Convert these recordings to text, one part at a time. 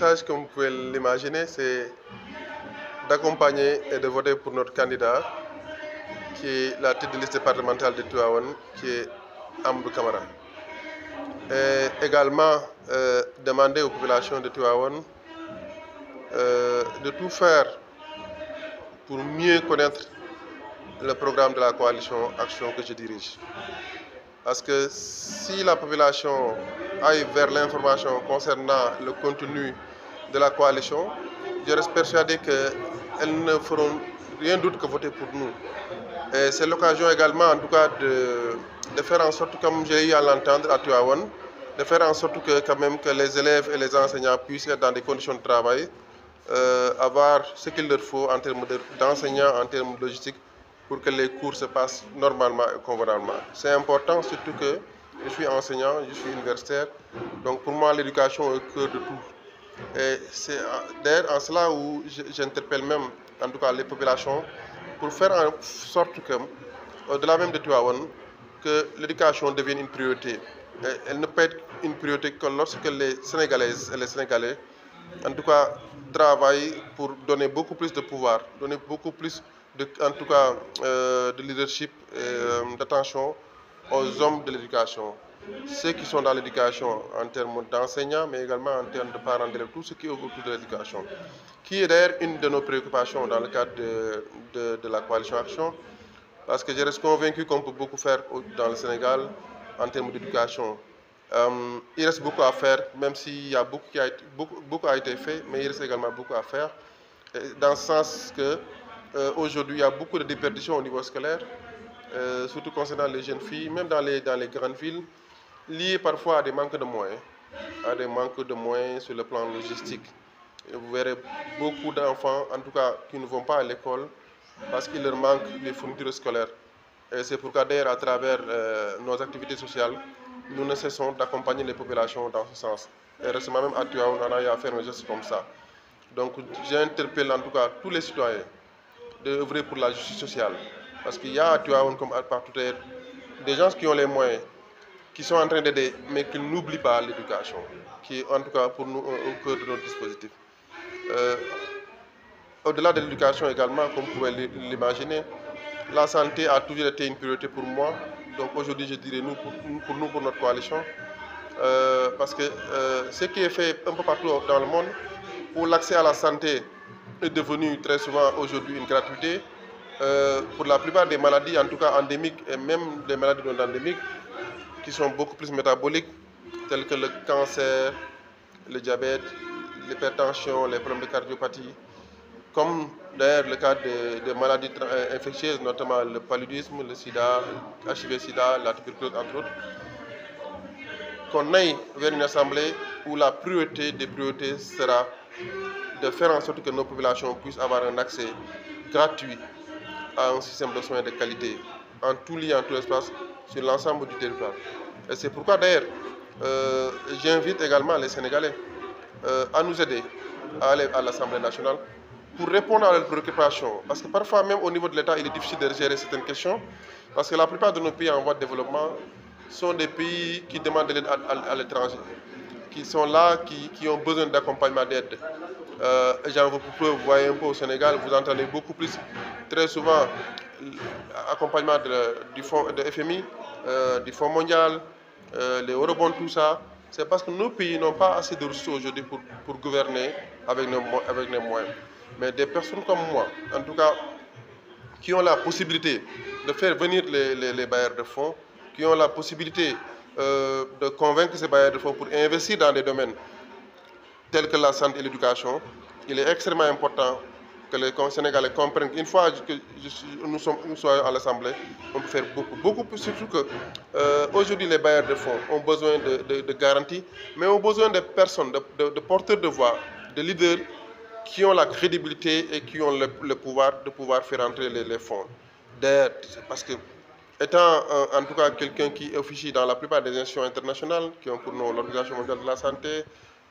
message, comme vous pouvez l'imaginer, c'est d'accompagner et de voter pour notre candidat, qui est la tête de liste départementale de Tuawan, qui est Amdou Kamara. Et également, euh, demander aux populations de Tuawan euh, de tout faire pour mieux connaître le programme de la coalition Action que je dirige. Parce que si la population aille vers l'information concernant le contenu de la coalition, je reste persuadé qu'elles ne feront rien d'autre que voter pour nous. c'est l'occasion également, en tout cas, de, de faire en sorte, comme j'ai eu à l'entendre à Tuawan, de faire en sorte que, quand même, que les élèves et les enseignants puissent être dans des conditions de travail, euh, avoir ce qu'il leur faut en termes d'enseignants, en termes de logistique, pour que les cours se passent normalement et convenablement. C'est important, surtout que je suis enseignant, je suis universitaire, donc pour moi, l'éducation est au cœur de tout c'est euh, d'ailleurs en cela où j'interpelle même, en tout cas, les populations pour faire en sorte que, au-delà même de Tuawan, que l'éducation devienne une priorité. elle ne peut être une priorité que lorsque les Sénégalaises et les Sénégalais, en tout cas, travaillent pour donner beaucoup plus de pouvoir, donner beaucoup plus, de, en tout cas, euh, de leadership, et euh, d'attention aux hommes de l'éducation ceux qui sont dans l'éducation en termes d'enseignants, mais également en termes de parents d'élèves, tout ce qui est autour de l'éducation, qui est d'ailleurs une de nos préoccupations dans le cadre de, la coalition Action, parce que je reste convaincu qu'on peut beaucoup faire dans le Sénégal en termes d'éducation. Euh, il reste beaucoup à faire, même s'il y a beaucoup qui a été, beaucoup, a été fait, mais il reste également beaucoup à faire, dans le sens que euh, aujourd'hui il y a beaucoup de déperditions au niveau scolaire, euh, surtout concernant les jeunes filles, même dans dans les grandes villes lié parfois à des manques de moyens, à des manques de moyens sur le plan logistique. Et vous verrez beaucoup d'enfants, en tout cas, qui ne vont pas à l'école parce qu'il leur manque les fournitures scolaires. Et c'est pourquoi d'ailleurs, à travers euh, nos activités sociales, nous ne cessons d'accompagner les populations dans ce sens. Et récemment même à on a eu à faire un comme ça. Donc j'interpelle en tout cas tous les citoyens d'œuvrer pour la justice sociale. Parce qu'il y a à comme partout ailleurs des gens qui ont les moyens qui sont en train d'aider, mais qui n'oublient pas l'éducation, qui est en tout cas pour nous au cœur de notre dispositif. Euh, au-delà de l'éducation également, comme vous pouvez l'imaginer, la santé a toujours été une priorité pour moi. Donc aujourd'hui, je dirais nous, pour, nous, pour notre coalition, euh, parce que euh, ce qui est fait un peu partout dans le monde, où l'accès à la santé est devenu très souvent aujourd'hui une gratuité, pour la plupart des maladies, en tout cas endémiques et même des maladies non endémiques, qui sont beaucoup plus métaboliques, tels que le cancer, le diabète, l'hypertension, les problèmes de cardiopathie, comme d'ailleurs le cas des, maladies euh, infectieuses, notamment le paludisme, le sida, HIV-sida, la tuberculose, entre autres, qu'on aille vers une assemblée où la priorité des priorités sera de faire en sorte que nos populations puissent avoir un accès gratuit à un système de soins de qualité en tout lieu, en tout espace, sur l'ensemble du territoire. Et c'est pourquoi d'ailleurs, euh, j'invite également les Sénégalais euh, à nous aider à aller à l'Assemblée nationale pour répondre à leurs préoccupations. Parce que parfois, même au niveau de l'État, il est difficile de gérer certaines questions, parce que la plupart de nos pays en voie de développement sont des pays qui demandent de l'aide à, l'étranger, qui sont là, qui, qui ont besoin d'accompagnement, d'aide genre, euh, vous voyez un peu au Sénégal, vous entendez beaucoup plus, très souvent, accompagnement de, du FMI, euh, du Fonds mondial, euh, les eurobonds, tout ça. C'est parce que nos pays n'ont pas assez de ressources aujourd'hui pour, gouverner avec nos, moyens. Mais des personnes comme moi, en tout cas, qui ont la possibilité de faire venir les, bailleurs de fonds, qui ont la possibilité de convaincre ces bailleurs de fonds pour investir dans les domaines telles que la santé et l'éducation, il est extrêmement important que les Sénégalais comprennent qu'une fois que nous, sommes, à l'Assemblée, on peut faire beaucoup. plus, surtout que euh, aujourd'hui les bailleurs de fonds ont besoin de, de, garanties, mais ont besoin de personnes, de, de, porteurs de voix, de leaders qui ont la crédibilité et qui ont le, pouvoir de pouvoir faire entrer les, les fonds. Parce que, étant euh, en tout cas quelqu'un qui officie dans la plupart des institutions internationales, qui ont pour nous l'Organisation mondiale de la santé,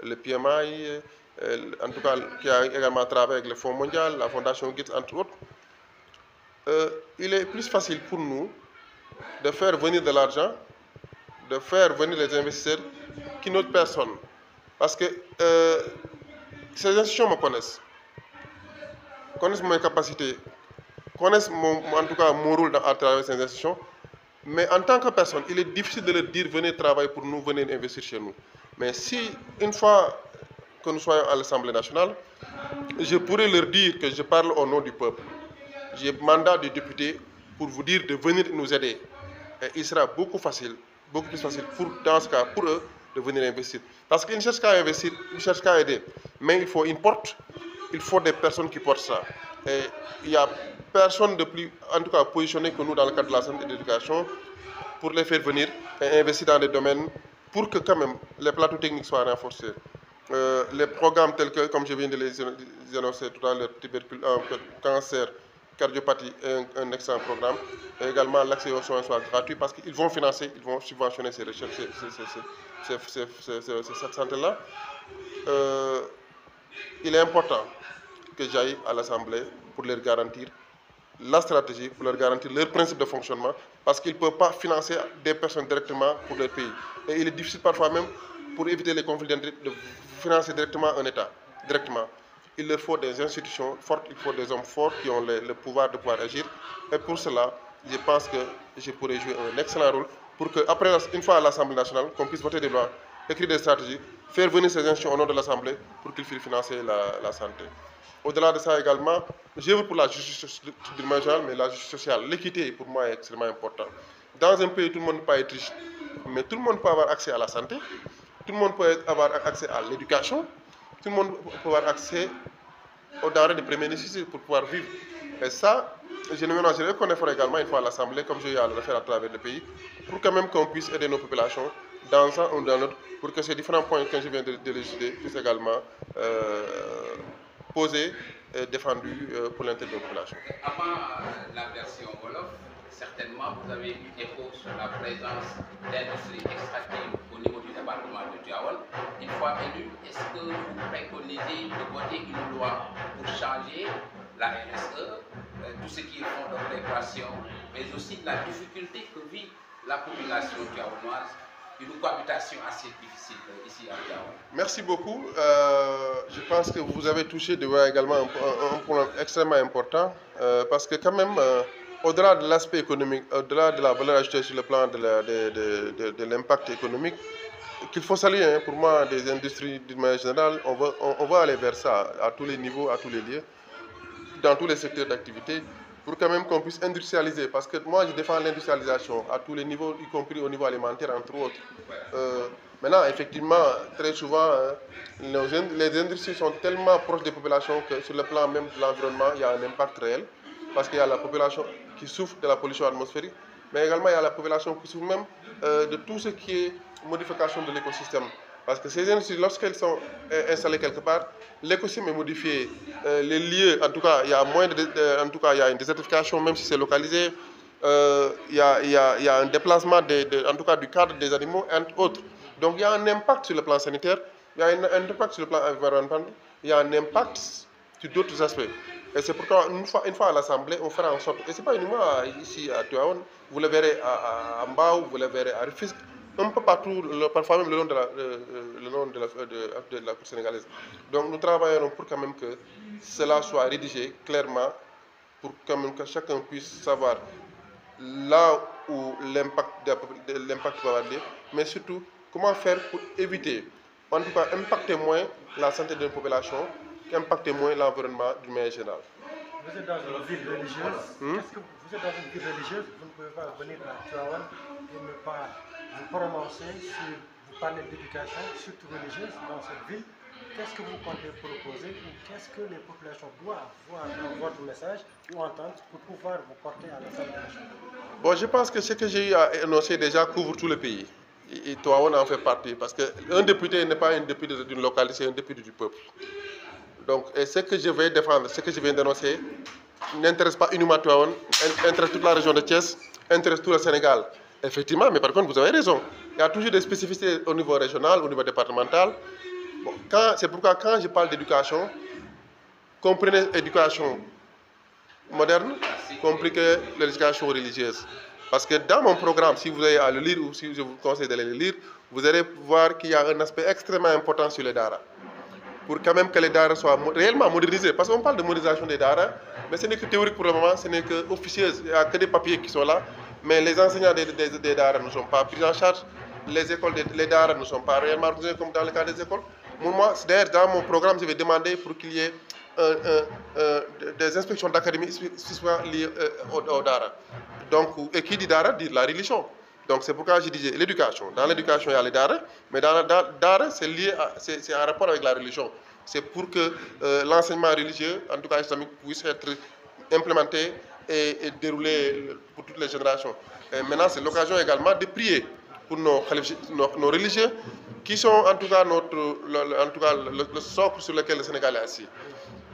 le PMI, euh, en tout cas qui a également travaillé avec le Fonds mondial, la Fondation Gates, entre autres, euh, il est plus facile pour nous de faire venir de l'argent, de faire venir les investisseurs qu'une autre personne. Parce que euh, ces institutions me connaissent, connaissent mes capacités, connaissent en tout cas mon rôle à travers ces institutions. Mais en tant que personne, il est difficile de leur dire venez travailler pour nous, venez investir chez nous. Mais si, une fois que nous soyons à l'Assemblée nationale, je pourrais leur dire que je parle au nom du peuple. J'ai mandat de député pour vous dire de venir nous aider. Et il sera beaucoup facile, beaucoup plus facile pour, dans ce cas pour eux de venir investir. Parce qu'ils ne cherchent qu'à investir, ils ne cherchent qu'à aider. Mais il faut une porte, il faut des personnes qui portent ça. Et il n'y a personne de plus, en tout cas, positionné que nous dans le cadre de la santé et de l'éducation pour les faire venir et investir dans des domaines pour que quand même les plateaux techniques soient renforcés. Euh, les programmes tels que, comme je viens de les annoncer tout à l'heure, euh, cancer, cardiopathie un, excellent programme. Et également, l'accès aux soins soit gratuit parce qu'ils vont financer, ils vont subventionner ces recherches, ces, ces, là euh, il est important que j'aille à l'Assemblée pour les garantir la stratégie pour leur garantir leur principe de fonctionnement parce qu'ils ne peuvent pas financer des personnes directement pour leur pays. Et il est difficile parfois même pour éviter les conflits d'intérêts de financer directement un État, directement. Il leur faut des institutions fortes, il faut des hommes forts qui ont le, pouvoir de pouvoir agir. Et pour cela, je pense que je pourrais jouer un excellent rôle pour qu'après, une fois à l'Assemblée nationale, qu'on puisse voter des lois, écrire des stratégies, faire venir ces institutions au nom de l'Assemblée pour qu'ils puissent financer la, la santé. Au-delà de ça également, vu pour la justice sociale, mais la justice sociale, l'équité pour moi est extrêmement importante. Dans un pays, tout le monde peut être riche, mais tout le monde peut avoir accès à la santé, tout le monde peut avoir accès à l'éducation, tout le monde peut avoir accès aux denrées de première nécessité pour pouvoir vivre. Et ça, je ne ménagerai qu'on effort également une fois à l'Assemblée, comme je à le faire à travers le pays, pour quand même qu'on puisse aider nos populations dans un ou dans l'autre, pour que ces différents points que je viens de, de puissent également euh, posé, euh, défendu euh, pour l'intérêt Avant euh, la version Wolof, certainement vous avez eu écho sur la présence d'industries extractives au niveau du département de Diawol. Une fois élu, est-ce que vous préconisez de voter une loi pour changer la RSE, tout ce qui est fonds de préparation, mais aussi la difficulté que vit la population diawoloise une cohabitation assez difficile euh, ici à Merci beaucoup. Euh, je pense que vous avez touché de également un, point extrêmement important euh, parce que quand même, au-delà de l'aspect économique, au-delà de la valeur ajoutée sur le plan de l'impact économique, qu'il faut saluer hein, pour moi des industries d'une manière générale, on va aller vers ça à tous les niveaux, à tous les lieux, dans tous les secteurs d'activité pour quand même qu'on puisse industrialiser, parce que moi je défends l'industrialisation à tous les niveaux, y compris au niveau alimentaire, entre autres. Euh, maintenant, effectivement, très souvent, euh, les industries sont tellement proches des populations que sur le plan même de l'environnement, il y a un impact réel, parce qu'il y a la population qui souffre de la pollution atmosphérique, mais également il y a la population qui souffre même euh, de tout ce qui est modification de l'écosystème. Parce que ces industries, lorsqu'elles sont euh, installées quelque part, l'écosystème est modifié. Euh, les lieux, en tout cas, il y a moins de, en tout cas, il y a une désertification, même si c'est localisé. Euh, il, y a, un déplacement, en tout cas, du cadre des animaux, entre autres. Donc, il y a un impact sur le plan sanitaire, il y a un, impact sur le plan environnemental, il y a un impact sur d'autres aspects. Et c'est pourquoi, une fois, à l'Assemblée, on fera en sorte, et ce n'est pas uniquement ici à Tuaon, vous le verrez à, à, à Mbao, vous le verrez à Rufisque, un peu partout, parfois même le nom de la, euh, euh, le nom de la, euh, de, la Cour sénégalaise. Donc nous travaillerons pour quand même que cela soit rédigé clairement, pour quand même que chacun puisse savoir là où l'impact va aller, mais surtout comment faire pour éviter, en tout cas impacter moins la santé de la population, impacter moins l'environnement du manière général. Vous êtes dans une ville religieuse. Hein? vous êtes dans une ville religieuse Vous ne pouvez pas venir à et ne pas vous prononcez vous parlez d'éducation, surtout religieuse, dans cette ville. Qu'est-ce que vous comptez proposer ou qu'est-ce que les populations doivent voir dans votre message ou entendre pour pouvoir vous porter à la salle Bon, je pense que ce que j'ai eu à énoncer déjà couvre tout le pays. Et, toi, on en fait partie. Parce qu'un député n'est pas un député d'une localité, c'est un député du peuple. Donc, ce que je vais défendre, ce que je viens d'énoncer, n'intéresse pas uniquement Tuaon, intéresse toute la région de Thiès, intéresse tout le Sénégal. Effectivement, mais par contre, vous avez raison. Il y a toujours des spécificités au niveau régional, au niveau départemental. c'est pourquoi quand je parle d'éducation, comprenez éducation moderne, compliquez l'éducation religieuse. Parce que dans mon programme, si vous allez à le lire ou si je vous conseille d'aller le lire, vous allez voir qu'il y a un aspect extrêmement important sur les Dara. Pour quand même que les Dara soient réellement modernisés. Parce qu'on parle de modernisation des Dara, mais ce n'est que théorique pour le moment, ce n'est que Il n'y a que des papiers qui sont là mais les enseignants des, des, DARA ne sont pas pris en charge, les écoles, des, les DARA ne sont pas réellement comme dans le cas des écoles. Moi, d'ailleurs, dans mon programme, je vais demander pour qu'il y ait des inspections d'académie qui soient liées aux euh, au, DARA. Donc, et qui dit DARA dit la religion. Donc, c'est pourquoi je disais l'éducation. Dans l'éducation, il y a les DARA, mais dans les DARA, c'est lié, c'est en rapport avec la religion. C'est pour que euh, l'enseignement religieux, en tout cas islamique, puisse être implémenté et déroulé pour toutes les générations. maintenant, c'est l'occasion également de prier pour nos, nos, religieux, qui sont en tout cas, notre, le, en tout cas le, socle sur lequel le Sénégal est assis.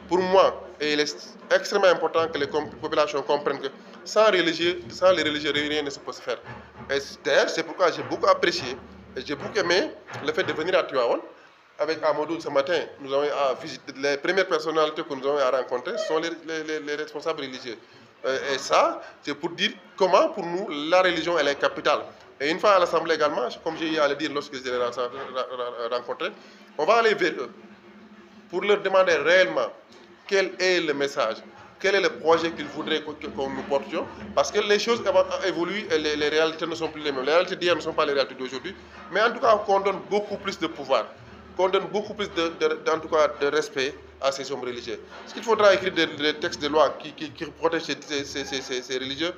Pour moi, il est extrêmement important que les populations comprennent que sans, religieux, sans les religieux, rien ne se peut se faire. c'est pourquoi j'ai beaucoup apprécié et j'ai beaucoup aimé le fait de venir à Tuaon. Avec Amadou ce matin, nous avons les premières personnalités que nous avons rencontrées sont les responsables religieux. Euh, et ça, c'est pour dire comment, pour nous, la religion, elle est capitale. Et une fois à l'Assemblée également, comme j'ai eu à le dire lorsque je les rencontré, on va aller vers eux pour leur demander réellement quel est le message, quel est le projet qu'ils voudraient que nous portions, parce que les choses évoluent et les, réalités ne sont plus les mêmes. Les réalités d'hier ne sont pas les réalités d'aujourd'hui, mais en tout cas qu'on donne beaucoup plus de pouvoir, qu'on donne beaucoup plus de, en tout cas, de respect à ces hommes religieux. Est-ce qu'il faudra écrire des, textes de loi qui, qui, protègent ces, ces, ces, ces, religieux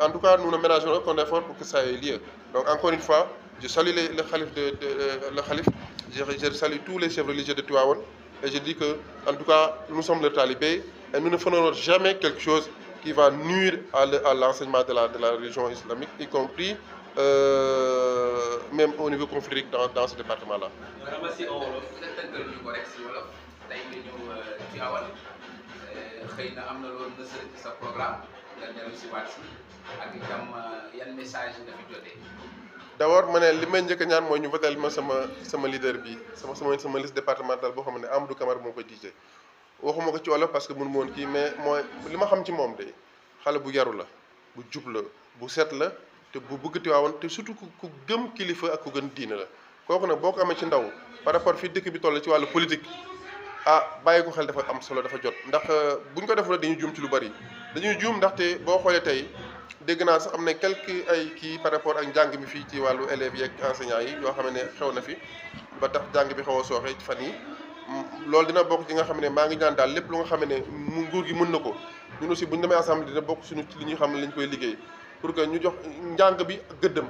En tout cas, nous ne ménagerons aucun effort pour que ça ait lieu. Donc, encore une fois, je salue le de, euh, le khalif, je, salue tous les chefs religieux de Tuaon et je dis que, en tout cas, nous sommes les talibés et nous ne ferons jamais quelque chose qui va nuire à l'enseignement de la, de la religion islamique, y compris euh, même au niveau conflit dans, dans ce département-là. D'abord, nga ñëw Tiwaawan yan message ñaan ñu ma sama sama leader bi sama sama sama liste départementale Amadou ko waxuma ko ci parce que mais xam ci de bu yaru la bu jub la bu set la te bu bëgg waawon te surtout ku gëm kilifa ak ku gën diina la kooku nag boo ko ci ndaw par rapport fi dëkk bi toll ci wàllu politique ah bàyyi ko xel dafa am solo dafa jot ndax ah, buñ ko defula dañuy juum ci lu bari dañuy juum ndaxte boo xoolee tey dégg naa sax am na quelque ay kii par rapport ak njàng mi fii ci wàllu élèves yeeg enseignants yi yoo xam ne xew na fi ba tax jàng bi xaw a sooxe fan yi mm, loolu dina bokk ci nga xam ne maa ngi ñaan daal lépp lu nga xam ne mu nguur gi mën na ko ñun aussi bu ñu demee assemblée dina bokk suñu ci li ñuy xam ne lañ koy liggéey pour que ñu jox njàng bi gëddëm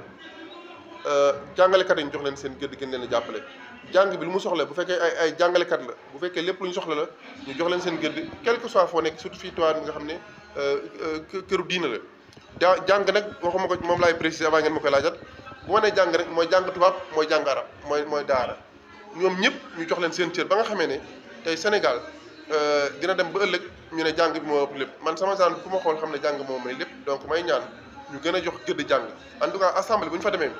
Euh, jàngalekat yi ñu jox leen seen gëdd gën leen a jàppale jàng bi lu mu soxla bu fekkee ay ay jàngalekat la bu fekkee lépp lu ñu soxla la ñu jox leen seen gëdd quel que soit foo nekk surtout fii Tivaouane bi nga xam ne euh, euh, këru diina la da jàng nag waxuma ko moom laay préciser avant ngeen ma koy laajat bu ma ne jàng rek mooy jàng tubaab mooy jàng arab mooy mooy daara ñoom ñëpp ñu jox leen seen cër ba nga xamee ne tey Sénégal dina dem ba ëllëg ñu ne jàng bi moo ëpp lépp man sama genre ku ma xool xam ne jàng moo may lépp donc may ñaan ñu gën a jox gëdd jàng en tout cas assemblée bu ñu fa demee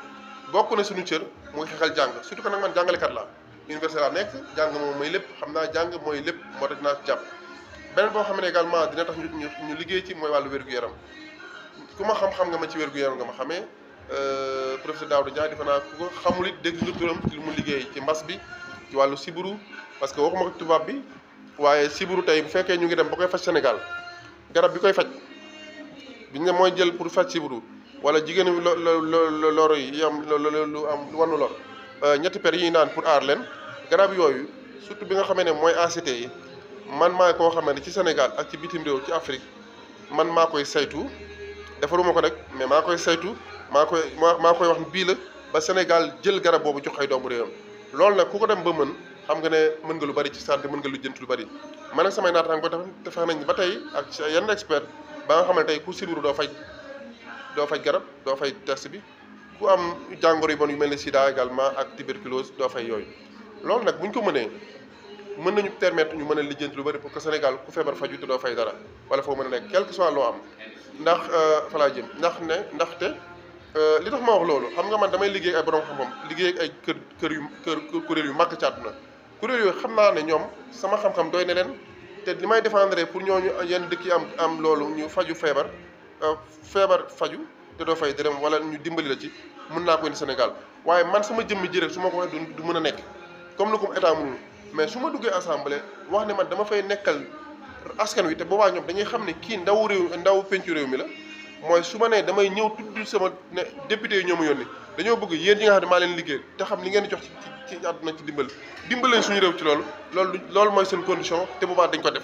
bokk na suñu cër muy xexal jàng surtout que nag man jàngalekat laa université laa nekk jàng moom mooy lépp xam naa jàng mooy lépp moo tax dinaa jàpp beneen boo xam ne également dina tax ñu ñu liggéey ci mooy wàllu wér-gu-yaram ku ma xam-xam nga ma ci wér-gu-yaram nga ma xamee euh, professeur Daouda dia defe naa ku ko xamul it dégg nga turam ci li mu liggéey ci mbas bi ci wàllu sibiru parce que waxuma ko tubaab bi waaye sibiru tey bu fekkee ñu ngi dem ba koy faj Sénégal garab bi koy faj biñ ne mooy jël pour faj sibiru wala jigéen bi loro yi yi am lu am wanu lor euh, ñetti per yi naan pour aar leen garab yooyu surtout bi nga xamee ne mooy ACT yi man maa koo xamee ne ci Sénégal ak ci bitim réew ci Afrique man maa koy saytu defaruma ko nag mais maa koy saytu maa koy maa koy wax bii la ba Sénégal jël garab boobu jox ay doomu réewam loolu nag ku ko dem ba mën xam nga ne mën nga lu bari ci santé mën nga lu jënt lu bari man nag samay naataango dafa defe nañ ba tey ak yenn expert ba nga xam ne tey ku sibiru doo faj doo faj garab doo fay test bi ku am jàngoro yu bon yu mel ne sida également ak tuberculose doo fay yooyu loolu nag bu ñu ko mënee mën nañu permettre ñu mën a lijjanti lu bari pour que Sénégal ku feebar faju te doo fay dara wala foo mën a nekk quel que soit loo am ndax euh, falaa jëm ndax ne ndaxte euh, li tax ma wax loolu xam nga man damay liggéey ay borom xam-xam liggéey ay kër kër yu kër kuréel yu màgg caatu àdduna kuréel yooyu xam naa ne ñoom sama xam-xam doy na te li may défendre pour ñooñu yenn dëkk yi am am loolu ñu faju feebar Euh, feebar faju te doo fay dërëm wala ñu dimbali la ci mën naa ko indi Sénégal waaye man sama jëmmi ji rek su ma ko waxee du mën a nekk comme ni ko état mënul mais su ma duggee assemblée wax ne man dama fay nekkal askan wi te boobaa ñoom dañuy xam ne kii ndaw réew ndaw pencu réew mi la mooy su ma nee damay ñëw tudd sama ne député yi ñoo ma yónni dañoo bëgg yéen ñi nga xam ne maa leen liggéey te xam li ngeen di jox ci ci àdduna ci dimbal dimbal leen suñu réew ci loolu loolu loolu mooy seen condition te boobaa dañ ko def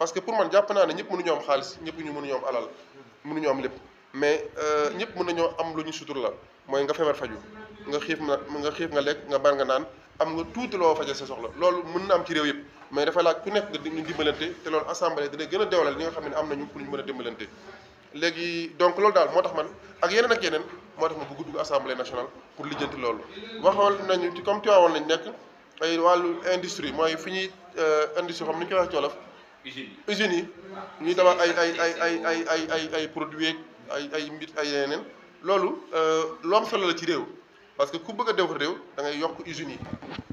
parce que pour man jàpp naa ne ñëpp mënuñoo am xaalis ñëpp ñu mënuñoo am alal mënuñoo am lépp mais euh, ñëpp mën nañoo am lu ñu sutur la mooy nga feebar faju nga xiif nga nga xiif nga lekk nga bar nga naan am nga tuuti loo faje sa loolu mën na am ci réew yëpp mais dafa laaj ku nekk nga ñu dimbalante te loolu assemblée dina gën a dewalal ñi nga xam ne am nañu pour ñu mën a dimbalante léegi donc loolu daal moo tax man ak yeneen ak yeneen moo tax ma bëgg dugg assemblée nationale pour lijjanti loolu waxoon nañu ci comme Tivaouane lañ nekk fi ñuy euh, industrie xam ni ñu usines yi usines yi ñuy tabax ay ay ay ay ay ay ay produits ay ay mbir ay yeneen loolu euh, lu am la ci réew parce que ku bëgg def ko réew da ngay yokk usine yi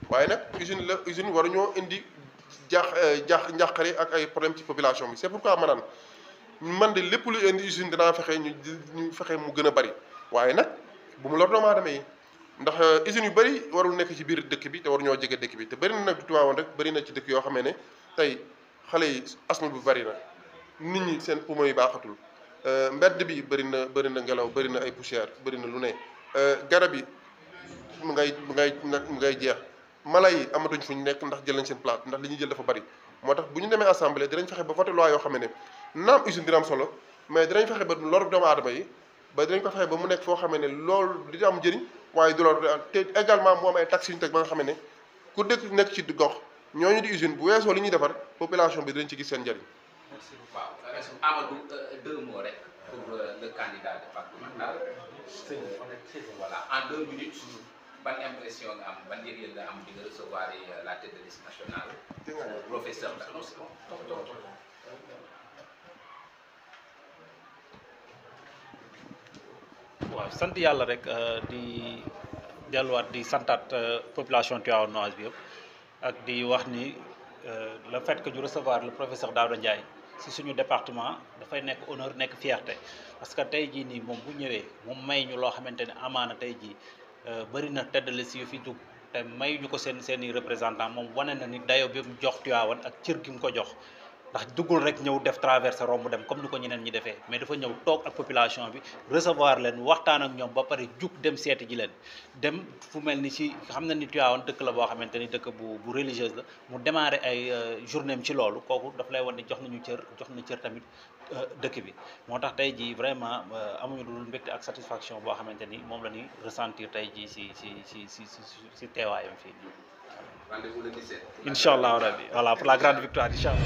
waaye nag usine la usine war waruñoo indi jaax euh, jaax njàqare ak ay problème ci population bi c'est pourquoi ma naan man de lépp lu indi usine danaa fexe ñu ñu fexe mu gën a bari waaye nag bu mu lor doomu aadama yi ndax euh, usines yu bari warul nekk ci biir dëkk bi te waruñoo jege dëkk bi te bari na nag du Tivaouane rek bari na ci dëkk yoo xam ne tey xale yi asma bu bari na nit ñi seen poumon yi baaxatul euh, mbedd bi bëri na bëri na ngelaw bari na ay poussière bari na lu ne euh, garab yi mu ngay mu ngay mu ngay jeex mala yi fu ñu nekk ndax jël nañ seen place ndax li ñuy jël dafa bari moo tax bu ñu demee assemblée dinañ faxe ba voté loi yoo xam ne naam usine dina am solo mais dinañ fexe ba lor doomu aadama yi ba dinañ ko fexe ba mu nekk foo xam ne loolu dina am njëriñ waaye du lor te également mu ay taxes yu ñu teg ba xam ne ku dëkk nekk ci gox. ñooñu di usine bu weesoo li ñuy defar population bi dañ ci gis seen njëriñ. merci beaucoup waaw Amadou euh, deux mots rek pour euh, le candidat départemental. voilà en deux minutes. ban impression nga am ban yëg-yëg nga am di nga recevoir euh, la tête de liste nationale. professeur waaw sant yàlla rek di delluwaat di santaat population Tivaouane bi yëpp. ak di wax ni euh, le fait que ñu recevoir le professeur Daouda Ndiaye ci suñu département dafay nek honneur nek fierté parce que tay ji ni mom bu ñëwé mom may ñu lo xamanteni amana tay ji euh bari na teddal ci yu fi dugg te may ñu ko seen seen représentant mom wané na ni dayo bi mu jox Tivaouane ak cër gi mu ko jox ndax duggul rek ñëw def traversé romb dem comme ni ko ñeneen ñi defee mais dafa ñëw toog ak population bi recevoir leen waxtaan ak ñoom ba pare jug dem seeti ji leen dem fu mel ni ci xam na ni Tivaouane dëkk la boo xamante ni dëkk bu bu religieuse la mu démarré ay euh, journée ci loolu kooku daf lay wan ne jox nañu cër jox na cër tamit euh, dëkk bi moo tax tey jii vraiment euh, amuñu lu dul ak satisfaction boo xamante ni moom la ñuy ressentir tey jii ci ci ci ci ci teewaayam fii. rendez-vous le 17. incha allah rabi voilà pour la grande victoire incha allah.